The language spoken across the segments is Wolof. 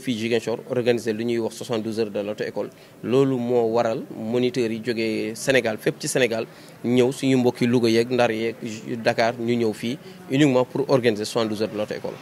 fii Ziguinchor organisé li ñuy wax 72 heures de l'auto-école loolu moo waral moniteurs yi jógee Sénégal fépp ci Sénégal ñëw suñu mbokki Louga yeeg Ndar yeeg Dakar ñu ñëw fii uniquement pour organiser 72 heures de l'auto-école.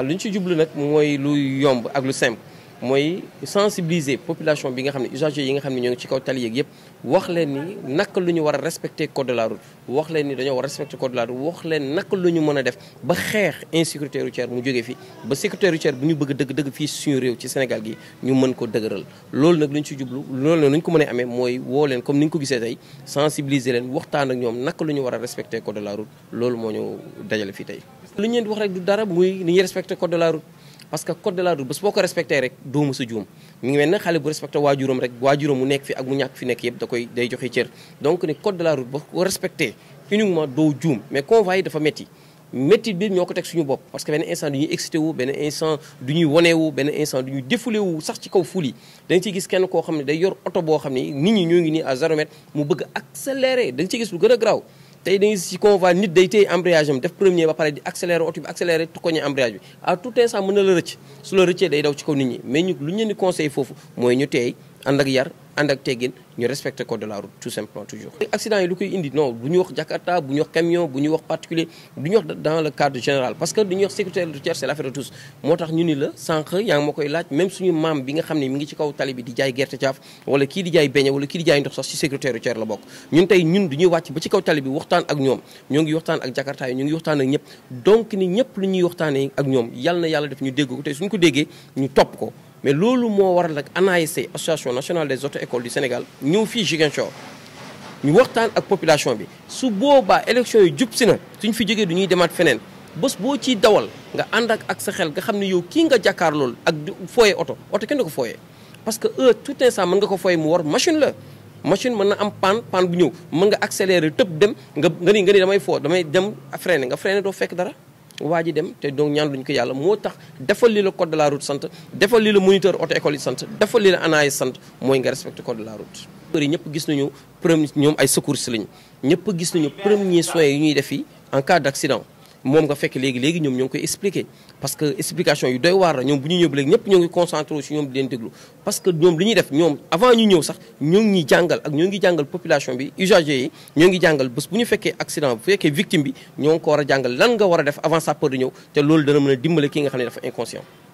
lu ñu ci jublu nag mooy lu yomb ak lu simple. mooy sensibiliser population bi nga xam ne usagers yi nga xam ne ñoo ngi ci kaw tali yeeg yëpp wax leen ni naka lu ñu war a respecter code de route wax leen ni dañoo war a respecter code de la route wax leen naka lu ñu mën a def ba xeex insécurité routière mu jógee fi ba sécurité routière bu ñu bëgg dëgg dëgg fii suñu réew ci Sénégal gi ñu mën ko dëgëral loolu nag lu ñu ci jublu loolu nag lu ko mën a amee mooy woo leen comme ni ñu ko gisee tey sensibiliser leen waxtaan ak ñoom naka lu ñu war a respecter code de la route loolu moo ñu dajale fii tey lu ñu leen di wax rek du dara muy ni ñuy respecter code de la route parce que code de la route bés boo ko respecté rek doo mës juum mi ngi mel ne xale bu respecté waajuram rek waajuram mu nekk fi ak mu ñàkk fi nekk yëpp da koy day joxe cër donc ni code de la route boo ko respecté uniquement doo juum mais convoi yi dafa métti métti bi ñoo ko teg suñu bopp parce que benn instant du ñuy excité wu benn instant du ñuy wone wu benn instant du ñuy défoulé wu sax ci kaw ful yi da ciy gis kenn koo xam ne day yor oto boo xam ne nit ñi ñoo ngi nii à zéro mu bëgg accéléré da nga ciy gis lu gën garaaw tey da ngay si convoi nit day téye embrayage am def premier ba pare di accéléré oto bi accéléré koñe embrayage bi à tout instant mën na la rëcc su la rëccee day daw ci kaw nit ñi mais lu ñu conseil foofu mooy ñu teey ànd ak yar ànd ak teggin ñu respecté code de la route tout simplement toujours. accident yi lu koy indi non bu ñu wax Jakarta bu ñu wax camion bu ñu wax particulier du ñu wax dans le cadre général parce que du ñu wax sécurité routière c'est l'affaire de tous moo tax ñu ni la sànq yaa ngi ma koy laaj même suñu maam bi nga xam ne mi ngi ci kaw tali bi di jaay gerte caaf wala kii di jaay beñe wala kii di jaay ndox sax ci sécurité routière la bokk ñu tey ñun du ñuy wàcc ba ci kaw tali ak ñoom ñoo ngi waxtaan ak Jakarta yi ñoo ngi waxtaan ak ñëpp donc ni ñëpp lu ñuy waxtaanee ak ñoom yàlla na yàlla def ñu dégg ko tey suñu ko déggee ko mais loolu moo waral ak ANAEC association nationale des auto écoles du Sénégal ñëw fii Ziguinchor ñu waxtaan ak population bi su boobaa élection yi jub si na suñ fi jógee du ñuy demaat feneen bés boo ciy dawal nga ànd ak ak sa xel nga xam ne yow kii nga jàkkaar loolu ak fooyee oto oto kenn du ko foye. parce que heure tout instant mën nga ko foye mu war machine la machine mën na am panne panne bu ñëw mën nga accélérer tëb dem nga nga ni nga ni damay foo damay dem freiné nga freiné doo fekk dara waa ji dem te donc ñaan luñ ko yàlla moo tax defal li la code de la route sant defal li la moniteur auto école yi sant defal li la ANAS sant mooy nga respecté code de la route. yi ñëpp gis nañu premier ñoom ay secours lañu ñëpp gis nañu premier soins yi ñuy def fii en cas d' accident. mom nga fekk légui légui ñom ñong koy expliquer parce que explication yu doy war la ñëw ñep ñong ngi concentrer ci di parce que ñom li ñuy def avant ñu ñëw sax ñong ngi jàngal ak ñong ngi jàngal population bi usager yi ñong ngi jàngal nous bu ñu accident bu nous victime bi ñong ko wara a jàngal lan nga wara def avant peur di ñëw nous, loolu dana a ki nga xamné inconscient